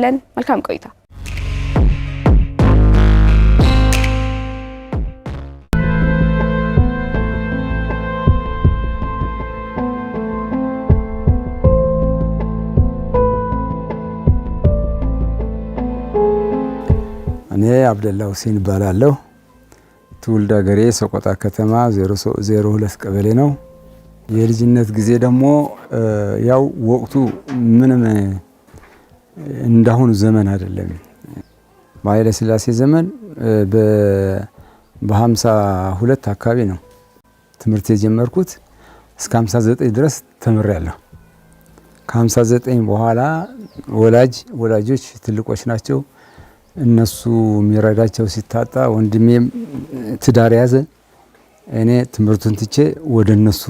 ለን መልካም ቆይታ። እኔ አብደላ ሁሴን እባላለሁ። ትውልድ ሀገሬ ሰቆጣ ከተማ 02 ቀበሌ ነው። የልጅነት ጊዜ ደግሞ ያው ወቅቱ ምንም እንዳሁኑ ዘመን አይደለም። በኃይለ ሥላሴ ዘመን በሀምሳ ሁለት አካባቢ ነው ትምህርት የጀመርኩት እስከ 59 ድረስ ተምሬያለሁ። ከ59 በኋላ ወላጅ ወላጆች ትልቆች ናቸው። እነሱ የሚረዳቸው ሲታጣ ወንድሜም ትዳር ያዘ። እኔ ትምህርቱን ትቼ ወደ እነሱ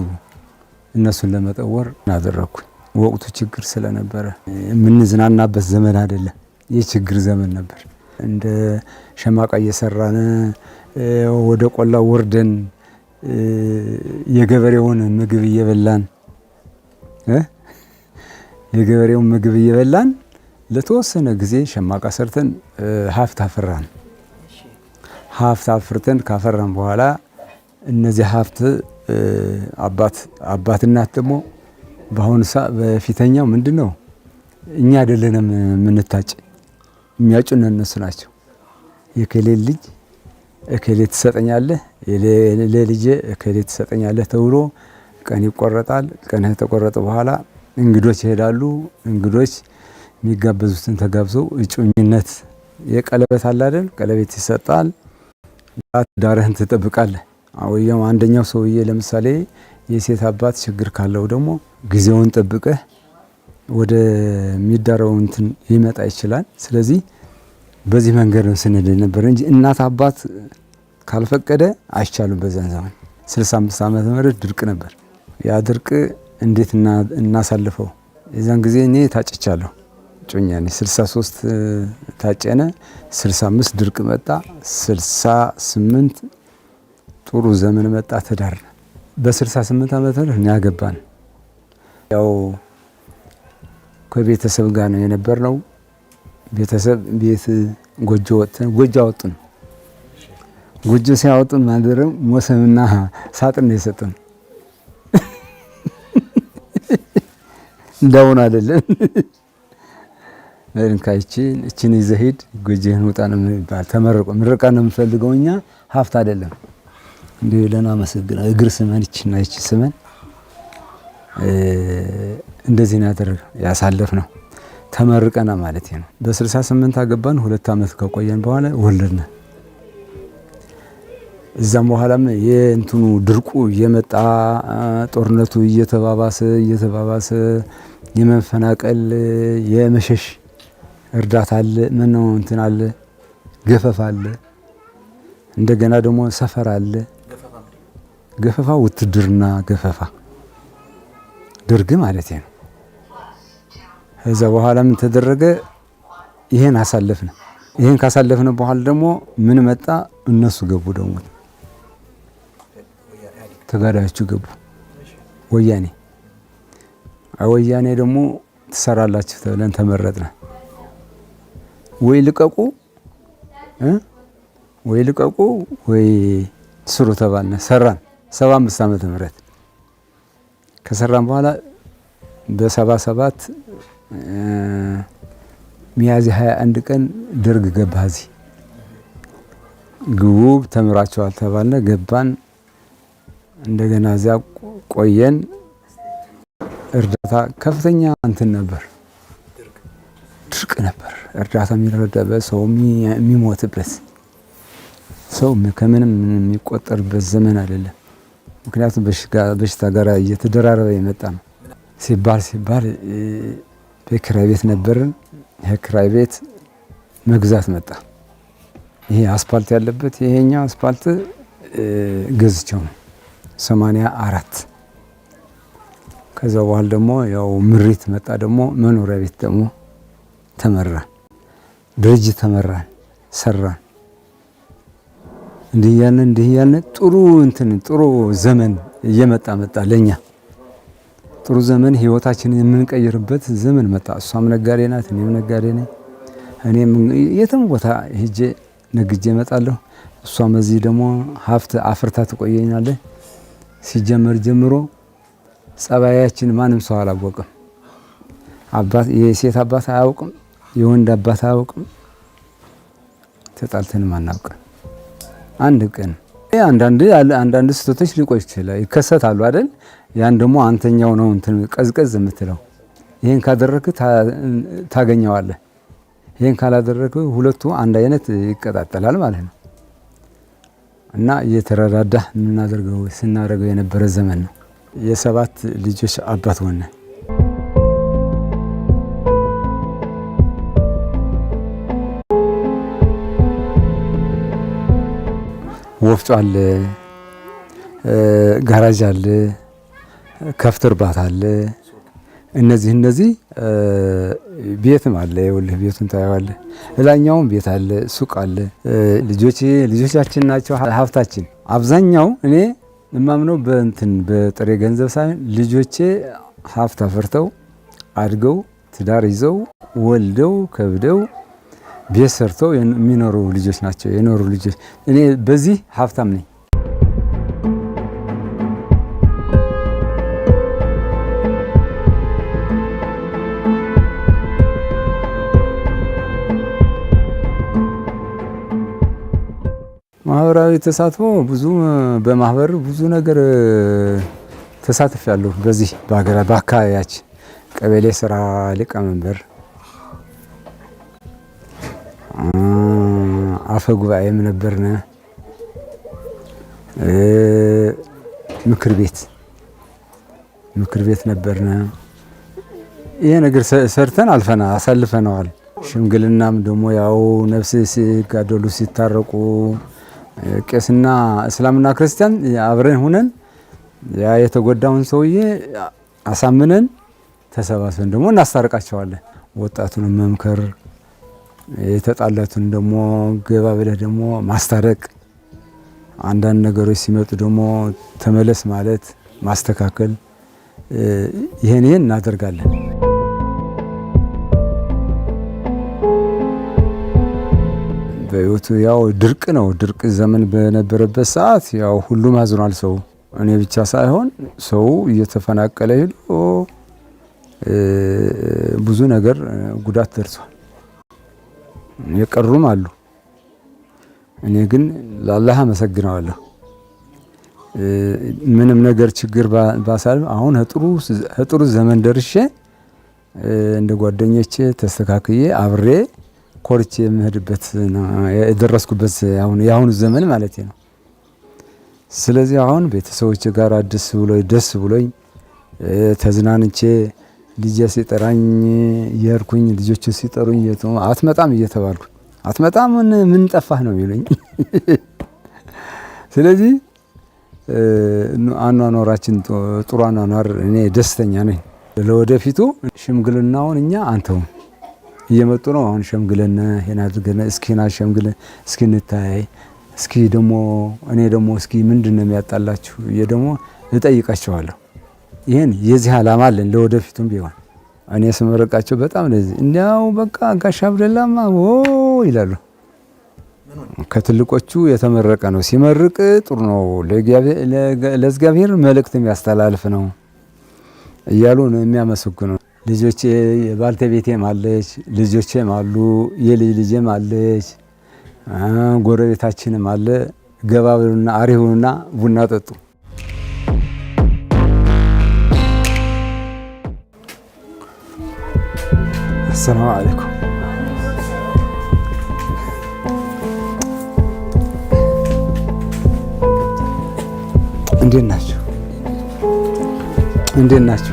እነሱን ለመጠወር አደረግኩኝ። ወቅቱ ችግር ስለነበረ የምንዝናናበት ዘመን አይደለም። የችግር ዘመን ነበር። እንደ ሸማቃ እየሰራን ወደ ቆላ ወርደን የገበሬውን ምግብ እየበላን የገበሬውን ምግብ እየበላን ለተወሰነ ጊዜ ሸማቃ ሰርተን ሀብት አፈራን። ሀብት አፍርተን ካፈራን በኋላ እነዚህ ሀብት አባት አባትናት ደግሞ በአሁኑ ሰዓት በፊተኛው ምንድን ነው እኛ አይደለንም የምንታጭ፣ የሚያጩን እነሱ ናቸው። የከሌ ልጅ እከሌ ትሰጠኛለህ፣ ልጄ እከሌ ትሰጠኛለህ ተብሎ ቀን ይቆረጣል። ቀን ከተቆረጠ በኋላ እንግዶች ይሄዳሉ። እንግዶች የሚጋበዙትን ተጋብዘው እጩኝነት የቀለበት አለ አይደል? ይሰጣል። ዳርህን ትጠብቃለህ። አውየው አንደኛው ሰውዬ ለምሳሌ የሴት አባት ችግር ካለው ደግሞ ጊዜውን ጠብቀህ ወደሚዳረው እንትን ሊመጣ ይችላል። ስለዚህ በዚህ መንገድ ነው ስንሄድ ነበር እንጂ እናት አባት ካልፈቀደ አይቻሉም። በዛን ዘመን 65 ዓመተ ምህረት ድርቅ ነበር። ያ ድርቅ እንዴት እናሳልፈው? የዛን ጊዜ እኔ ታጭቻለሁ። ጮኛ 63 ታጨነ፣ 65 ድርቅ መጣ፣ 68 ጥሩ ዘመን መጣ፣ ትዳር በ68 ዓመተ ነው እኛ ገባን። ያው ከቤተሰብ ጋር ነው የነበርነው። ቤተሰብ ቤት ጎጆ ወጥተን ጎጆ አወጡን። ጎጆ ሲያወጡን ማደረም ሞሰብና ሳጥን ነው የሰጡን። እንዳሁን አይደለም። እንካይችን እችን ይዘህ ሂድ ጎጆህን ውጣ ነው የሚባል። ተመርቆ ምርቃ ነው የምፈልገው እኛ ሀብት አይደለም። እንዲሁ ለና መሰግና እግር ስመን ይችና ይች ስመን እንደዚህ ነው ያሳለፍ ነው ተመርቀና ማለት ነው። በ68 አገባን። ሁለት ዓመት ከቆየን በኋላ ወለድን። እዛም በኋላም የእንትኑ ድርቁ እየመጣ ጦርነቱ እየተባባሰ እየተባባሰ የመፈናቀል የመሸሽ እርዳታ አለ፣ ምነው እንትን አለ፣ ገፈፍ አለ፣ እንደገና ደግሞ ሰፈር አለ። ገፈፋ ውትድርና ገፈፋ ድርግ ማለት ነው። ከዛ በኋላ ምን ተደረገ? ይሄን አሳለፍን። ይሄን ካሳለፍን በኋላ ደግሞ ምን መጣ? እነሱ ገቡ፣ ደግሞ ተጋዳዮቹ ገቡ። ወያኔ ወያኔ ደግሞ ትሰራላችሁ ተብለን ተመረጥነ። ወይ ልቀቁ ወይ ልቀቁ ወይ ስሩ ተባልነ። ሰራን። ሰባ አምስት ዓመተ ምህረት ከሰራም በኋላ በሰባ ሰባት ሚያዝያ 21 ቀን ደርግ ገባ። እዚህ ግቡ ተምራቸዋል ተባለ ገባን። እንደገና እዚያ ቆየን። እርዳታ ከፍተኛ እንትን ነበር፣ ድርቅ ነበር። እርዳታ የሚረዳበት ሰው የሚሞትበት ሰው ከምንም የሚቆጠርበት ዘመን አይደለም። ምክንያቱም በሽታ ጋር እየተደራረበ የመጣ ነው ሲባል ሲባል በክራይ ቤት ነበርን። ይህ ክራይ ቤት መግዛት መጣ። ይሄ አስፓልት ያለበት ይሄኛው አስፓልት ገዝቸው ነው ሰማንያ አራት ከዛ በኋላ ደግሞ ያው ምሪት መጣ። ደግሞ መኖሪያ ቤት ደግሞ ተመራ፣ ድርጅት ተመራ፣ ሰራን እንዲህ እያልን እንዲህ እያልን ጥሩ እንትን ጥሩ ዘመን እየመጣ መጣ። ለኛ ጥሩ ዘመን ህይወታችንን የምንቀይርበት ዘመን መጣ። እሷም ነጋዴ ናት፣ እኔም ነጋዴ ነኝ። እኔም የትም ቦታ ሄጄ ነግጄ እመጣለሁ። እሷም እዚህ ደግሞ ሀብት አፍርታ ትቆየኛለች። ሲጀመር ጀምሮ ጸባያችን ማንም ሰው አላወቅም። የሴት አባት አያውቅም፣ የወንድ አባት አያውቅም። ተጣልተንም አናውቅም። አንድ ቀን አንዳንድ ስህተቶች ሊቆይ ይችላል ይከሰታሉ አይደል? ያን ደግሞ አንተኛው ነው እንትን ቀዝቀዝ የምትለው ይህን ካደረግ ታገኘዋለህ። ይህን ካላደረግ ሁለቱ አንድ አይነት ይቀጣጠላል ማለት ነው። እና እየተረዳዳ የምናደርገው ስናደርገው የነበረ ዘመን ነው። የሰባት ልጆች አባት ሆነ ወፍጮ አለ፣ ጋራጅ አለ፣ ከፍት እርባታ አለ። እነዚህ እነዚህ ቤትም አለ። ይኸውልህ ቤቱን ታየዋለህ። ሌላኛውም ቤት አለ፣ ሱቅ አለ። ልጆች ልጆቻችን ናቸው ሀብታችን። አብዛኛው እኔ እማምነው በእንትን በጥሬ ገንዘብ ሳይሆን ልጆቼ ሀብት አፈርተው አድገው ትዳር ይዘው ወልደው ከብደው ቤት ሰርተው የሚኖሩ ልጆች ናቸው የኖሩ ልጆች። እኔ በዚህ ሀብታም ነኝ። ማህበራዊ ተሳትፎ ብዙ በማህበር ብዙ ነገር ተሳትፍ ያለሁ በዚህ በአካባቢያችን ቀበሌ ስራ ሊቀመንበር አፈ ጉባኤም ነበርነ ምክር ቤት ምክር ቤት ነበርነ። ይሄ ነገር ሰርተን አልፈና አሳልፈነዋል። ሽምግልናም ደግሞ ያው ነፍስ ሲጋደሉ ሲታረቁ ቄስና እስላምና ክርስቲያን አብረን ሁነን ያ የተጎዳውን ሰውዬ አሳምነን ተሰባስበን ደግሞ እናስታርቃቸዋለን። ወጣቱን መምከር የተጣለቱን ደግሞ ገባ ብለህ ደግሞ ማስታረቅ፣ አንዳንድ ነገሮች ሲመጡ ደግሞ ተመለስ ማለት ማስተካከል፣ ይህን ይህን እናደርጋለን። በህይወቱ ያው ድርቅ ነው። ድርቅ ዘመን በነበረበት ሰዓት ያው ሁሉም አዝኗል። ሰው እኔ ብቻ ሳይሆን ሰው እየተፈናቀለ ሄዶ ብዙ ነገር ጉዳት ደርሷል። የቀሩም አሉ። እኔ ግን ለአላህ አመሰግነዋለሁ። ምንም ነገር ችግር ባሳልፍ አሁን ከጥሩ ዘመን ደርሼ እንደ ጓደኞቼ ተስተካክዬ አብሬ ኮርቼ የምሄድበት የደረስኩበት የአሁኑ ዘመን ማለት ነው። ስለዚህ አሁን ቤተሰቦች ጋር አዲስ ብሎኝ ደስ ብሎኝ ተዝናንቼ ልጄ ሲጠራኝ የርኩኝ ልጆቹ ሲጠሩኝ አትመጣም እየተባልኩ አትመጣም ምን ጠፋህ ነው የሚሉኝ። ስለዚህ አኗኗራችን ጥሩ አኗኗር፣ እኔ ደስተኛ ነኝ። ለወደፊቱ ሽምግልናውን እኛ እየመጡ ነው አሁን አድርገን እስኪ እንታያይ እስኪ እኔ ደግሞ እስኪ ምንድን ነው የሚያጣላችሁ እጠይቃቸዋለሁ። ይህን የዚህ ዓላማ አለን። ለወደፊቱም ቢሆን እኔ ስመረቃቸው በጣም ለዚህ እንዲያው በቃ ጋሽ አብደላማ ወ ይላሉ። ከትልቆቹ የተመረቀ ነው። ሲመርቅ ጥሩ ነው፣ ለእግዚአብሔር መልእክት የሚያስተላልፍ ነው እያሉ ነው የሚያመሰግነው። ልጆቼ ቤቴም አለች፣ ልጆቼም አሉ፣ የልጅ ልጄም አለች፣ ጎረቤታችንም አለ። ገባ ብሉና አሪሁና ቡና ጠጡ። السلام عليكم እንዴት ናችሁ? እንዴት ናችሁ?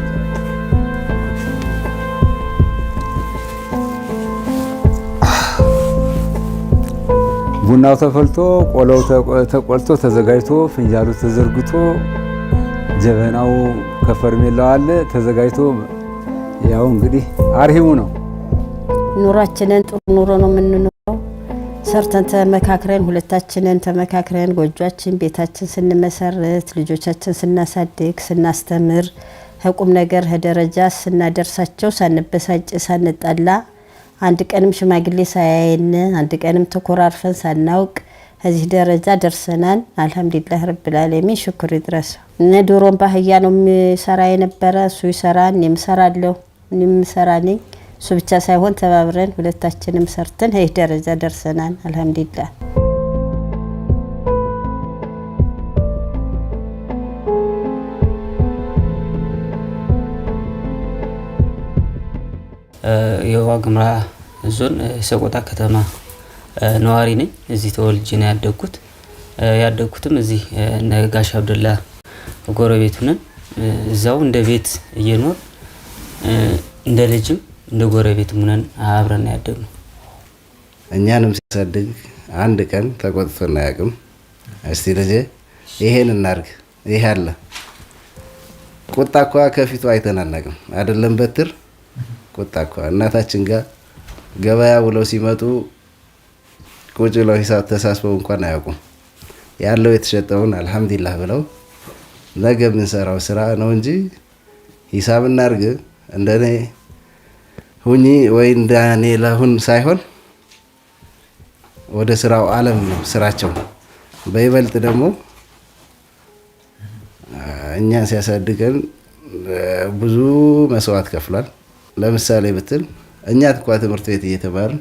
ቡናው ተፈልቶ ቆሎው ተቆልቶ ተዘጋጅቶ ፍንጃሉ ተዘርግቶ ጀበናው ከፈርሜላው አለ ተዘጋጅቶ ያው እንግዲህ አርሂቡ ነው። ኑሯችንን ጥሩ ኑሮ ነው የምንኖረው። ሰርተን ተመካክረን ሁለታችንን ተመካክረን ጎጇችን ቤታችን ስንመሰርት ልጆቻችን ስናሳድግ ስናስተምር ከቁም ነገር ከደረጃ ስናደርሳቸው ሳንበሳጭ ሳንጠላ አንድ ቀንም ሽማግሌ ሳያየን አንድ ቀንም ተኮራርፈን ሳናውቅ እዚህ ደረጃ ደርሰናል። አልሐምዱሊላህ ረብል ሽኩር ይድረስ። እነ ዶሮን ባህያ ነው የሚሰራ የነበረ እሱ ይሰራ እኔም እሰራለሁ እኔም እሰራ ነኝ። እሱ ብቻ ሳይሆን ተባብረን ሁለታችንም ሰርተን ይህ ደረጃ ደርሰናል። አልሐምዱሊላህ። የዋግምራ ዞን ሰቆጣ ከተማ ነዋሪ ነኝ። እዚህ ተወልጄ ነው ያደግኩት። ያደግኩትም እዚህ ነጋሽ አብደላ ጎረቤቱ ነን። እዛው እንደ ቤት እየኖር እንደ ልጅም እንደ ጎረቤት ሙነን አብረን ነው። እኛንም ሲያሳድግ አንድ ቀን ተቆጥቶ አያውቅም። እስቲ ልጄ ይሄን እናርግ፣ ይሄ አለ ቁጣ እኮ ከፊቱ አይተን አናውቅም። አይደለም በትር ቁጣ እኮ እናታችን ጋር ገበያ ውለው ሲመጡ ቁጭ ብለው ሂሳብ ተሳስበው እንኳን አያውቁም። ያለው የተሸጠውን አልሐምዱሊላህ ብለው ነገ የምንሰራው ስራ ነው እንጂ ሂሳብ እናርግ እንደኔ ሁኚ ወይ እንዳኔ ለሁን ሳይሆን ወደ ስራው አለም ነው ስራቸው። በይበልጥ ደግሞ እኛ ሲያሳድገን ብዙ መስዋዕት ከፍሏል። ለምሳሌ ብትል እኛ እንኳ ትምህርት ቤት እየተማርን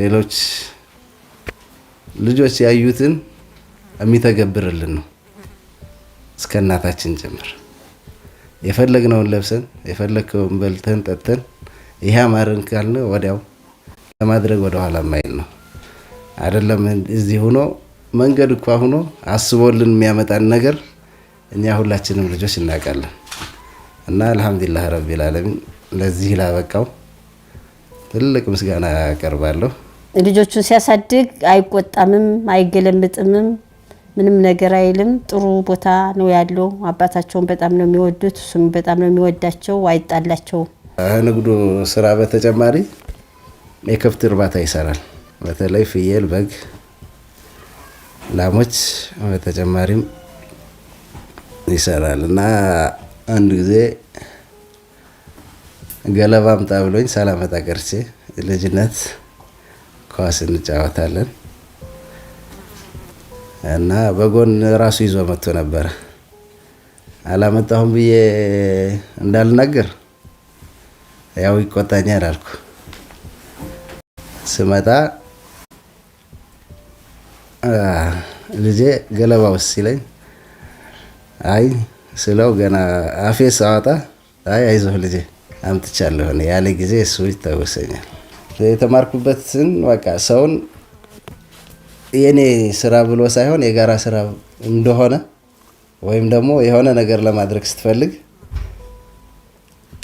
ሌሎች ልጆች ያዩትን የሚተገብርልን ነው እስከ እናታችን ጭምር የፈለግነውን ለብሰን የፈለግከውን በልተን ጠጥተን ይሄ አማረን ካልነ ወዲያው ለማድረግ ወደኋላ ማይል ነው። አይደለም እዚህ ሆኖ መንገድ እኳ ሆኖ አስቦልን የሚያመጣን ነገር እኛ ሁላችንም ልጆች እናውቃለን። እና አልሐምዱሊላህ ረቢል ዓለሚን ለዚህ ላበቃው ትልቅ ምስጋና ያቀርባለሁ። ልጆቹን ሲያሳድግ አይቆጣምም፣ አይገለምጥምም፣ ምንም ነገር አይልም። ጥሩ ቦታ ነው ያለው። አባታቸውን በጣም ነው የሚወዱት፣ እሱም በጣም ነው የሚወዳቸው። አይጣላቸውም። ንግዱ ስራ በተጨማሪ የከብት እርባታ ይሰራል። በተለይ ፍየል፣ በግ፣ ላሞች በተጨማሪም ይሰራል እና አንድ ጊዜ ገለባ አምጣ ብሎኝ ሳላመጣ ቀርቼ ልጅነት ኳስ እንጫወታለን እና በጎን ራሱ ይዞ መጥቶ ነበረ። አላመጣሁም ብዬ እንዳልናገር ያው ይቆጣኛል አልኩ። ስመጣ ልጄ ገለባ ውስጥ ሲለኝ አይ ስለው ገና አፌ ሳወጣ አይ አይዞህ ልጄ አምጥቻለሁ ያለ ጊዜ እሱ ይታወሰኛል። የተማርኩበትን በቃ ሰውን የኔ ስራ ብሎ ሳይሆን የጋራ ስራ እንደሆነ ወይም ደግሞ የሆነ ነገር ለማድረግ ስትፈልግ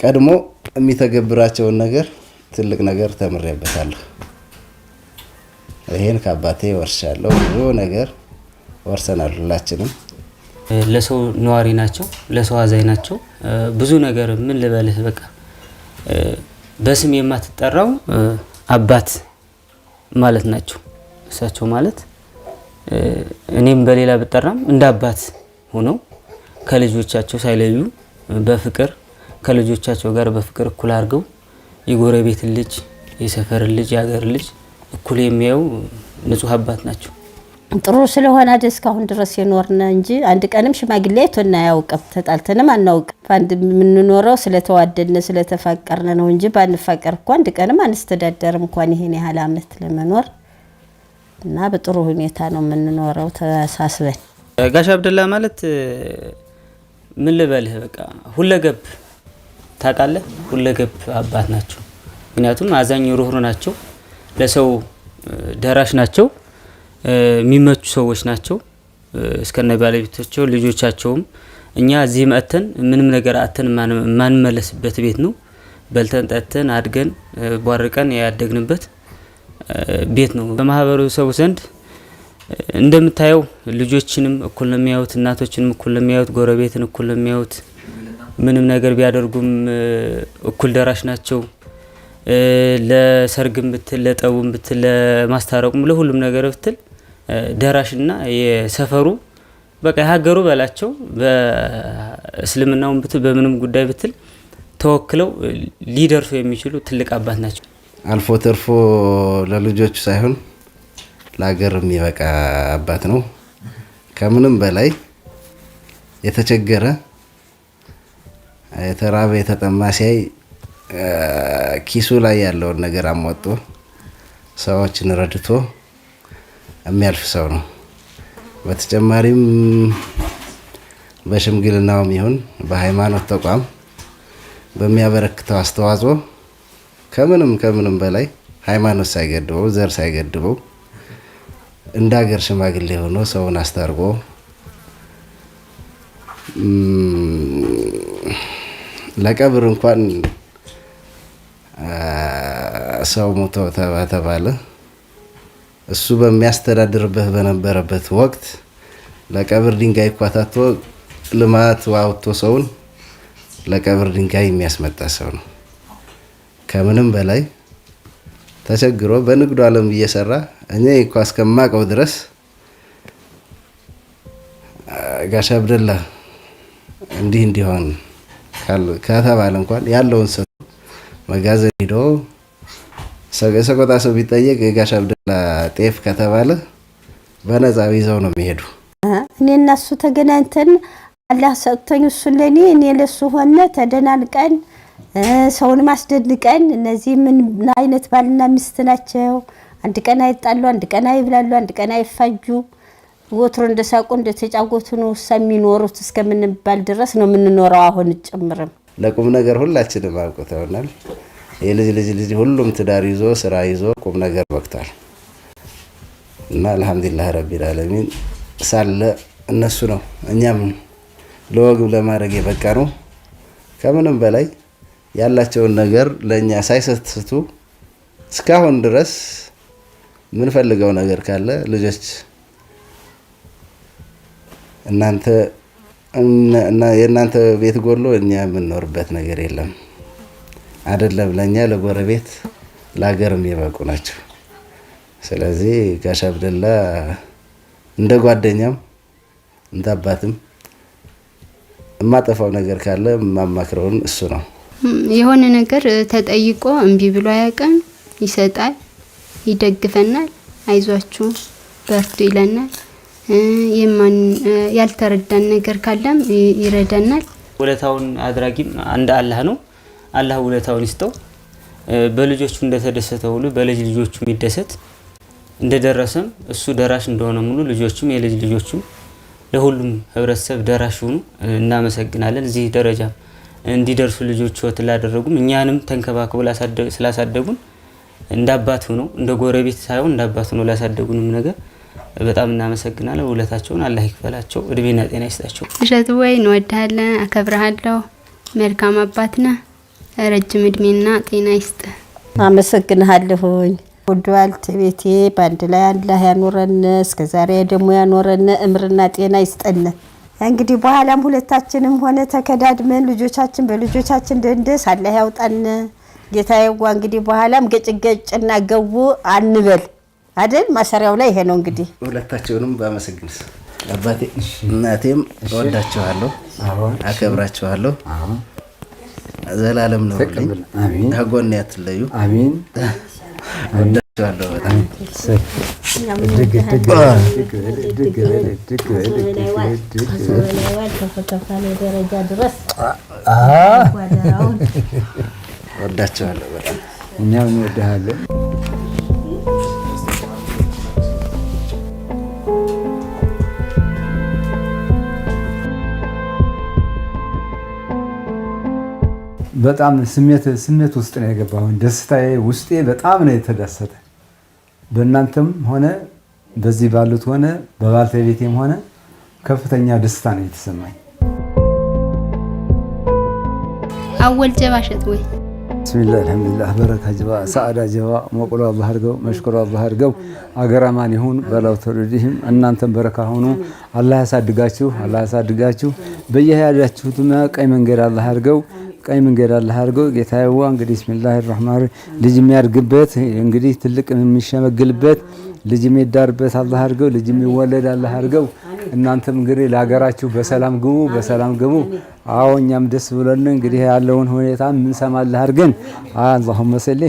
ቀድሞ የሚተገብራቸውን ነገር ትልቅ ነገር ተምሬበታለሁ። ይህን ከአባቴ ወርሻለሁ። ብዙ ነገር ወርሰናል ሁላችንም። ለሰው ነዋሪ ናቸው፣ ለሰው አዛኝ ናቸው። ብዙ ነገር ምን ልበልህ በቃ በስም የማትጠራው አባት ማለት ናቸው። እሳቸው ማለት እኔም በሌላ ብጠራም እንደ አባት ሆነው ከልጆቻቸው ሳይለዩ በፍቅር ከልጆቻቸው ጋር በፍቅር እኩል አድርገው የጎረቤትን ልጅ፣ የሰፈርን ልጅ፣ የሀገር ልጅ እኩል የሚያዩ ንጹህ አባት ናቸው። ጥሩ ስለሆነ አደ እስካሁን ድረስ የኖርነ እንጂ አንድ ቀንም ሽማግሌ አይቶን አያውቅም፣ ተጣልተንም አናውቅም። በአንድ የምንኖረው ስለተዋደድነ ስለተፋቀርነ ነው እንጂ ባንፋቀር እኮ አንድ ቀንም አንስተዳደርም እንኳን ይሄን ያህል አመት ለመኖር እና በጥሩ ሁኔታ ነው የምንኖረው ተሳስበን። ጋሽ አብደላ ማለት ምን ልበልህ፣ በቃ ሁለገብ ታውቃለህ፣ ሁለገብ አባት ናቸው። ምክንያቱም አዛኝ ሩህሩ ናቸው፣ ለሰው ደራሽ ናቸው፣ የሚመቹ ሰዎች ናቸው። እስከነ ባለቤቶቸው ልጆቻቸውም እኛ እዚህ መጥተን ምንም ነገር አተን ማንመለስበት ቤት ነው። በልተን ጠጥተን አድገን ቧርቀን ያደግንበት ቤት ነው። በማህበረሰቡ ዘንድ እንደምታየው ልጆችንም እኩል ነው የሚያዩት፣ እናቶችንም እኩል ነው የሚያዩት፣ ጎረቤትን እኩል ነው የሚያዩት። ምንም ነገር ቢያደርጉም እኩል ደራሽ ናቸው። ለሰርግ ብትል፣ ለጠቡ ብትል፣ ለማስታረቁም ለሁሉም ነገር ብትል ደራሽና የሰፈሩ በቃ የሀገሩ በላቸው በእስልምናውን ብትል በምንም ጉዳይ ብትል ተወክለው ሊደርሱ የሚችሉ ትልቅ አባት ናቸው። አልፎ ተርፎ ለልጆቹ ሳይሆን ለሀገር የሚበቃ አባት ነው። ከምንም በላይ የተቸገረ የተራበ የተጠማ ሲያይ ኪሱ ላይ ያለውን ነገር አሟጦ ሰዎችን ረድቶ የሚያልፍ ሰው ነው። በተጨማሪም በሽምግልናውም ይሁን በሃይማኖት ተቋም በሚያበረክተው አስተዋጽኦ ከምንም ከምንም በላይ ሃይማኖት ሳይገድበው ዘር ሳይገድበው እንደ ሀገር ሽማግሌ ሆኖ ሰውን አስታርቆ ለቀብር እንኳን ሰው ሞቶ ተባለ። እሱ በሚያስተዳድርበት በነበረበት ወቅት ለቀብር ድንጋይ እኳታቶ ልማት ዋውቶ ሰውን ለቀብር ድንጋይ የሚያስመጣ ሰው ነው። ከምንም በላይ ተቸግሮ በንግዱ ዓለም እየሰራ እኔ እኳ እስከማቀው ድረስ ጋሽ አብደላ እንዲህ እንዲሆን ያውቃል ከተባለ እንኳን ያለውን ሰው መጋዘን ሄዶ ሰቆጣ ሰው ቢጠየቅ የጋሽ አብደላ ጤፍ ከተባለ በነፃ ይዘው ነው የሚሄዱ። እኔ እና እሱ ተገናኝተን አላህ ሰጥቶኝ እሱ ለእኔ እኔ ለሱ ሆነ ተደናንቀን ሰውን ማስደንቀን እነዚህ ምን አይነት ባልና ሚስት ናቸው? አንድ ቀን አይጣሉ፣ አንድ ቀን አይብላሉ፣ አንድ ቀን አይፋጁ ወትሮ እንደሳቁ እንደተጫወቱ ነው የሚኖሩት እስከምንባል ድረስ ነው የምንኖረው። አሁን ጭምርም ለቁም ነገር ሁላችንም አብቅተውናል። የልጅ ልጅ ልጅ ሁሉም ትዳር ይዞ ስራ ይዞ ቁም ነገር በቅቷል እና አልሐምዱሊላህ ረቢል አለሚን ሳለ እነሱ ነው እኛም ለወግብ ለማድረግ የበቃ ነው። ከምንም በላይ ያላቸውን ነገር ለእኛ ሳይሰስቱ እስካሁን ድረስ የምንፈልገው ነገር ካለ ልጆች እናንተ የእናንተ ቤት ጎሎ እኛ የምንኖርበት ነገር የለም። አይደለም ለእኛ ለጎረቤት ለሀገርም የበቁ ናቸው። ስለዚህ ጋሽ አብደላ እንደ ጓደኛም እንደ አባትም የማጠፋው ነገር ካለ የማማክረውን እሱ ነው። የሆነ ነገር ተጠይቆ እምቢ ብሎ አያውቅም። ይሰጣል፣ ይደግፈናል፣ አይዟችሁ በርቱ ይለናል። ያልተረዳን ነገር ካለም ይረዳናል። ውለታውን አድራጊም አንድ አላህ ነው። አላህ ውለታውን ይስጠው። በልጆቹ እንደተደሰተ ሁሉ በልጅ ልጆቹ የሚደሰት እንደደረሰም እሱ ደራሽ እንደሆነ ሙሉ ልጆቹም የልጅ ልጆቹም ለሁሉም ህብረተሰብ ደራሽ ሆኑ። እናመሰግናለን። እዚህ ደረጃ እንዲደርሱ ልጆች ወት ላደረጉም እኛንም ተንከባክቦ ስላሳደጉን እንደ አባት ሆኖ እንደ ጎረቤት ሳይሆን እንደ አባት ሆኖ ላሳደጉንም ነገር በጣም እናመሰግናለን። ውለታቸውን አላህ ይክፈላቸው፣ እድሜና ጤና ይስጣቸው። እሸቱ ወይ እንወድሃለን፣ አከብረሃለሁ። መልካም አባት ነህ። ረጅም እድሜና ጤና ይስጥ። አመሰግንሃለሁኝ። ውድ ባልት ቤቴ በአንድ ላይ አላህ ያኖረን፣ እስከዛሬ ደግሞ ያኖረን፣ እምርና ጤና ይስጠን። እንግዲህ በኋላም ሁለታችንም ሆነ ተከዳድመን ልጆቻችን በልጆቻችን ደንደስ አላህ ያውጣን። ጌታ የዋ እንግዲህ በኋላም ገጭገጭና ገቡ አንበል አይደል? ማሰሪያው ላይ ይሄ ነው እንግዲህ። ሁለታቸውንም በመሰግን አባቴ እናቴም እወዳችኋለሁ፣ አከብራችኋለሁ። ዘላለም ነው ልኝ ከጎን ያትለዩ። አሜን። ወዳችኋለሁ በጣም እኛም እንወድሃለን። በጣም ስሜት ስሜት ውስጥ ነው የገባሁኝ። ደስታዬ ውስጤ በጣም ነው የተደሰተ። በእናንተም ሆነ በዚህ ባሉት ሆነ በባልተቤቴም ሆነ ከፍተኛ ደስታ ነው የተሰማኝ። አወል ጀባ ሸጥ ወይ ብስሚላ አልሐምዱሊላህ በረካ ጀባ ሰዓዳ ጀባ ሞቅሎ አላህ አድርገው መሽኮሮ አላህ አድርገው አገራማን ይሁን በላው ተወልዲህም እናንተም በረካ ሆኑ። አላህ ያሳድጋችሁ፣ አላህ ያሳድጋችሁ። በየሄዳችሁትም ቀይ መንገድ አላህ አድርገው ቀኝ መንገድ አለ አድርገው ጌታ ዋ እንግዲህ ብስሚላህ ራህማን ልጅ የሚያድግበት እንግዲህ ትልቅ የሚሸመግልበት ልጅ የሚዳርበት አለ አድርገው ልጅ የሚወለድ አለ አድርገው። እናንተም እንግዲህ ለሀገራችሁ በሰላም ግቡ፣ በሰላም ግቡ። አዎ እኛም ደስ ብሎን እንግዲህ ያለውን ሁኔታ ምን አለ አድርገን አላሁመ ሰሌ